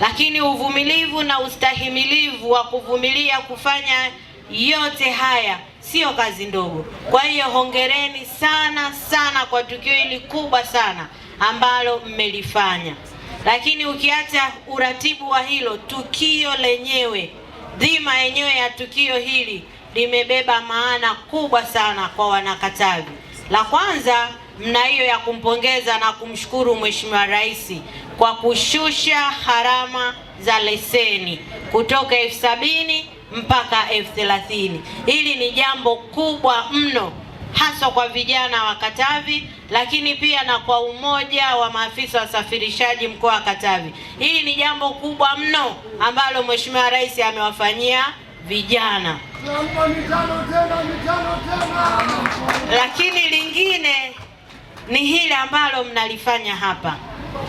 Lakini uvumilivu na ustahimilivu wa kuvumilia kufanya yote haya sio kazi ndogo. Kwa hiyo hongereni sana sana kwa tukio hili kubwa sana ambalo mmelifanya. Lakini ukiacha uratibu wa hilo tukio lenyewe, dhima yenyewe ya tukio hili limebeba maana kubwa sana kwa Wanakatavi. La kwanza mna hiyo ya kumpongeza na kumshukuru Mheshimiwa Rais kwa kushusha gharama za leseni kutoka elfu sabini mpaka elfu thelathini. Hili ni jambo kubwa mno haswa kwa vijana wa Katavi, lakini pia na kwa umoja wa maafisa wasafirishaji mkoa wa Katavi. Hili ni jambo kubwa mno ambalo Mheshimiwa Rais amewafanyia vijana. Lakini lingine ni hili ambalo mnalifanya hapa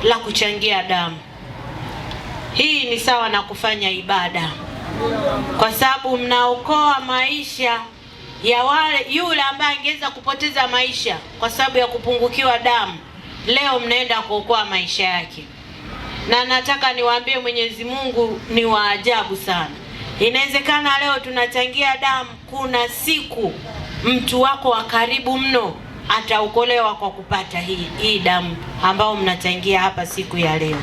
la kuchangia damu. Hii ni sawa na kufanya ibada, kwa sababu mnaokoa maisha ya wale yule ambaye angeweza kupoteza maisha kwa sababu ya kupungukiwa damu. Leo mnaenda kuokoa maisha yake, na nataka niwaambie, Mwenyezi Mungu ni wa ajabu sana. Inawezekana leo tunachangia damu, kuna siku mtu wako wa karibu mno ataokolewa kwa kupata hii hii damu ambayo mnachangia hapa siku ya leo.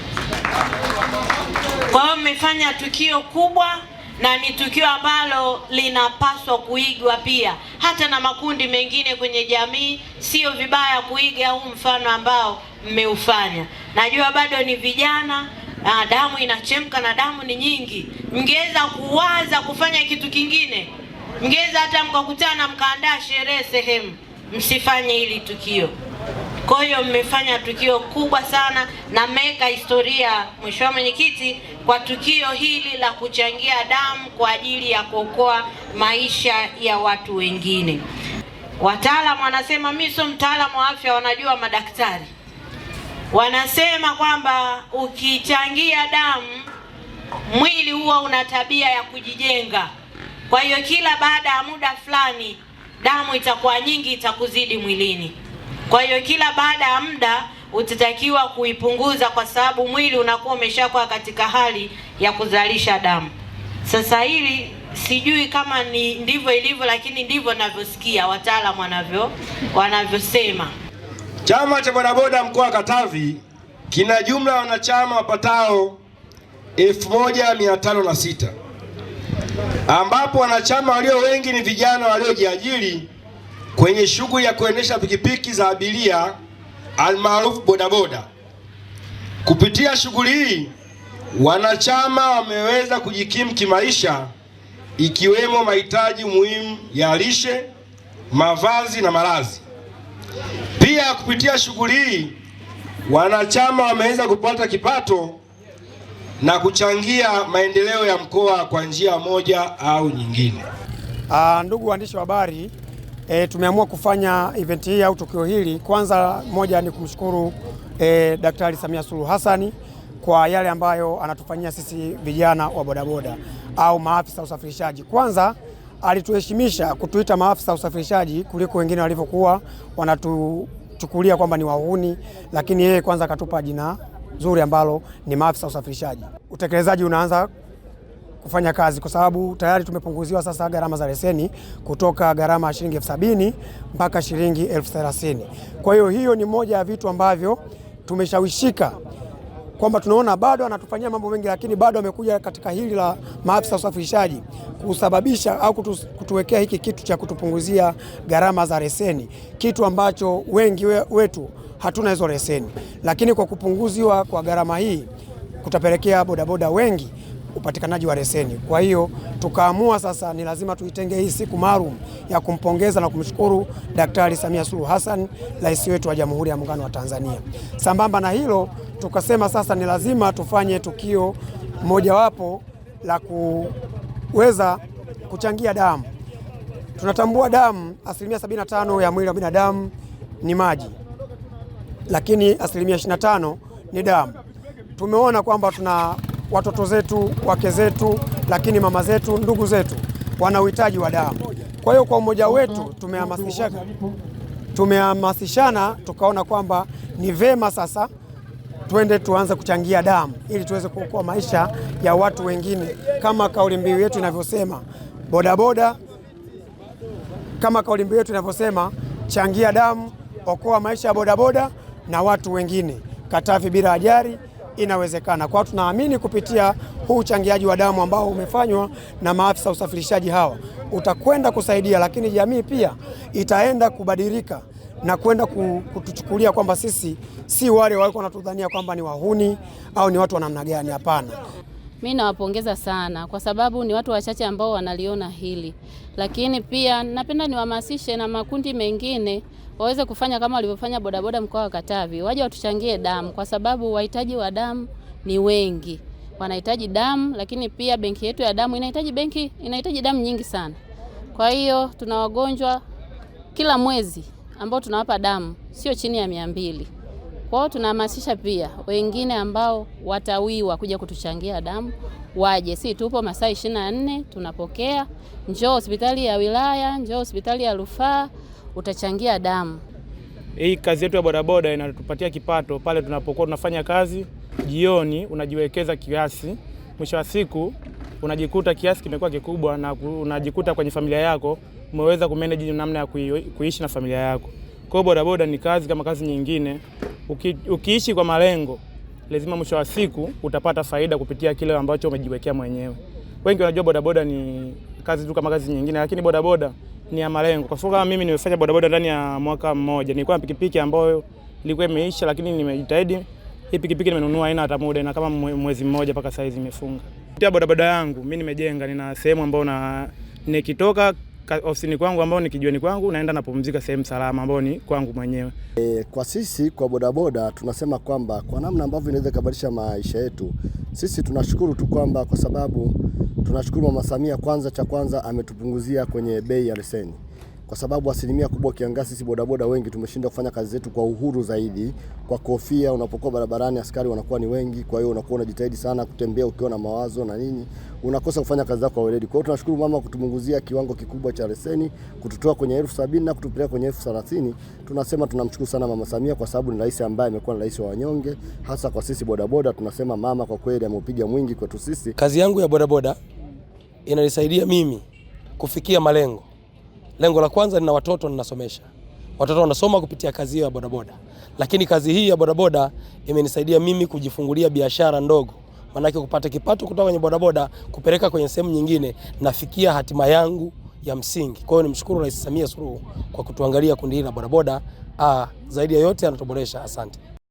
Kwa hiyo mmefanya tukio kubwa na ni tukio ambalo linapaswa kuigwa pia hata na makundi mengine kwenye jamii. Sio vibaya kuiga huu mfano ambao mmeufanya. Najua bado ni vijana na damu inachemka na damu ni nyingi. Mngeweza kuwaza kufanya kitu kingine, mngeweza hata mkakutana mkaandaa sherehe sehemu msifanye hili tukio. Kwa hiyo mmefanya tukio kubwa sana na mmeweka historia, mheshimiwa mwenyekiti, kwa tukio hili la kuchangia damu kwa ajili ya kuokoa maisha ya watu wengine. Wataalamu wanasema, mimi sio mtaalamu wa afya, wanajua madaktari wanasema kwamba ukichangia damu mwili huwa una tabia ya kujijenga. Kwa hiyo kila baada ya muda fulani damu itakuwa nyingi, itakuzidi mwilini. Kwa hiyo kila baada ya muda utatakiwa kuipunguza, kwa sababu mwili unakuwa umeshakuwa katika hali ya kuzalisha damu. Sasa hili sijui kama ni ndivyo ilivyo, lakini ndivyo navyosikia wataalamu wanavyo wanavyosema. Chama cha bodaboda mkoa wa Katavi kina jumla ya wanachama wapatao elfu moja mia tano na sita ambapo wanachama walio wengi ni vijana waliojiajiri kwenye shughuli ya kuendesha pikipiki za abiria almaarufu bodaboda. Kupitia shughuli hii, wanachama wameweza kujikimu kimaisha, ikiwemo mahitaji muhimu ya lishe, mavazi na malazi. Pia kupitia shughuli hii, wanachama wameweza kupata kipato na kuchangia maendeleo ya mkoa kwa njia moja au nyingine. Aa, ah, ndugu waandishi wa habari e, tumeamua kufanya event hii au tukio hili. Kwanza moja ni kumshukuru e, Daktari Samia Suluhu Hassani kwa yale ambayo anatufanyia sisi vijana wa bodaboda au maafisa usafirishaji. Kwanza alituheshimisha kutuita maafisa usafirishaji kuliko wengine walivyokuwa wanatuchukulia kwamba ni wahuni, lakini yeye kwanza akatupa jina zuri ambalo ni maafisa usafirishaji. Utekelezaji unaanza kufanya kazi kwa sababu tayari tumepunguziwa sasa gharama za leseni kutoka gharama ya shilingi elfu sabini mpaka shilingi elfu thelathini. Kwa hiyo hiyo ni moja ya vitu ambavyo tumeshawishika kwamba tunaona bado anatufanyia mambo mengi, lakini bado amekuja katika hili la maafisa usafirishaji kusababisha au kutu, kutuwekea hiki kitu cha kutupunguzia gharama za leseni, kitu ambacho wengi we, wetu hatuna hizo leseni, lakini kwa kupunguziwa kwa gharama hii kutapelekea bodaboda wengi upatikanaji wa leseni. Kwa hiyo tukaamua sasa ni lazima tuitenge hii siku maalum ya kumpongeza na kumshukuru Daktari Samia Suluhu Hassan, rais wetu wa Jamhuri ya Muungano wa Tanzania. Sambamba na hilo tukasema sasa ni lazima tufanye tukio mojawapo la kuweza kuchangia damu. Tunatambua damu, asilimia 75 ya mwili wa binadamu ni maji, lakini asilimia 25 ni damu. Tumeona kwamba tuna watoto zetu, wake zetu, lakini mama zetu, ndugu zetu wana uhitaji wa damu. Kwa hiyo kwa umoja wetu tumehamasishana, tumehamasishana tukaona kwamba ni vema sasa twende tuanze kuchangia damu ili tuweze kuokoa maisha ya watu wengine, kama kauli mbiu yetu inavyosema bodaboda, kama kauli mbiu yetu inavyosema changia damu, okoa maisha ya bodaboda na watu wengine. Katavi bila ajali inawezekana. Kwa tunaamini kupitia huu uchangiaji wa damu ambao umefanywa na maafisa usafirishaji hawa utakwenda kusaidia, lakini jamii pia itaenda kubadilika na kwenda kutuchukulia kwamba sisi si wale walikuwa wanatudhania kwamba ni wahuni au ni watu wa namna gani. Hapana. mi nawapongeza sana kwa sababu ni watu wachache ambao wanaliona hili, lakini pia napenda niwahamasishe na makundi mengine waweze kufanya kama walivyofanya bodaboda mkoa wa Katavi, waje watuchangie damu, kwa sababu wahitaji wa damu ni wengi, wanahitaji damu, lakini pia benki yetu ya damu inahitaji benki, inahitaji damu nyingi sana. Kwa hiyo tuna wagonjwa kila mwezi ambao tunawapa damu sio chini ya mia mbili. Kwa hiyo tunahamasisha pia wengine ambao watawiwa kuja kutuchangia damu waje, si tupo masaa 24 tunapokea. Njoo hospitali ya wilaya, njoo hospitali ya rufaa, utachangia damu. Hii kazi yetu ya bodaboda inatupatia kipato pale tunapokuwa tunafanya kazi jioni, unajiwekeza kiasi, mwisho wa siku unajikuta kiasi kimekuwa kikubwa na unajikuta kwenye familia yako umeweza kumanage namna ya kuishi na familia yako. Kwa hiyo bodaboda ni kazi kama kazi nyingine. Uki, ukiishi kwa malengo lazima mwisho wa siku utapata faida kupitia kile ambacho umejiwekea mwenyewe. Wengi wanajua bodaboda ni kazi tu kama kazi nyingine, lakini bodaboda ni ya malengo. Kwa sababu mimi nimefanya bodaboda ndani ya mwaka mmoja, nilikuwa na pikipiki ambayo ilikuwa imeisha, lakini nimejitahidi hii pikipiki nimenunua aina hata muda, na kama mwezi mmoja mpaka saizi imefunga. Kupitia bodaboda yangu mimi nimejenga, nina sehemu ambayo na nikitoka ofisini kwangu ambao ni kijiweni kwangu, naenda napumzika sehemu salama ambao ni kwangu mwenyewe. E, kwa sisi kwa bodaboda tunasema kwamba kwa namna ambavyo inaweza kubadilisha maisha yetu sisi tunashukuru tu kwamba kwa sababu tunashukuru Mama Samia, kwanza cha kwanza ametupunguzia kwenye bei ya leseni kwa sababu asilimia kubwa ukiangalia sisi bodaboda wengi tumeshinda kufanya kazi zetu kwa uhuru zaidi, kwa kofia. Unapokuwa barabarani, askari wanakuwa ni wengi, kwa hiyo unakuwa unajitahidi sana kutembea ukiwa na mawazo na nini unakosa kufanya kazi zako kwa weledi. Kwa hiyo tunashukuru mama kutumunguzia kiwango kikubwa cha leseni, kututoa kwenye elfu sabini na kutupeleka kwenye elfu thelathini. Tunasema tunamshukuru sana mama Samia kwa sababu ni rais ambaye amekuwa ni rais wa wanyonge, hasa kwa sisi bodaboda. Tunasema mama kwa kweli ameupiga mwingi kwetu sisi. Kazi yangu ya bodaboda inanisaidia mimi kufikia malengo. Lengo la kwanza, nina watoto ninasomesha watoto wanasoma kupitia kazi hiyo ya bodaboda, lakini kazi hii ya bodaboda imenisaidia mimi kujifungulia biashara ndogo manake kupata kipato kutoka kwenye bodaboda kupeleka kwenye sehemu nyingine, nafikia hatima yangu ya msingi. Kwa hiyo nimshukuru Rais Samia Suluhu kwa kutuangalia kundi hili la bodaboda. zaidi ya yote anatuboresha. Asante.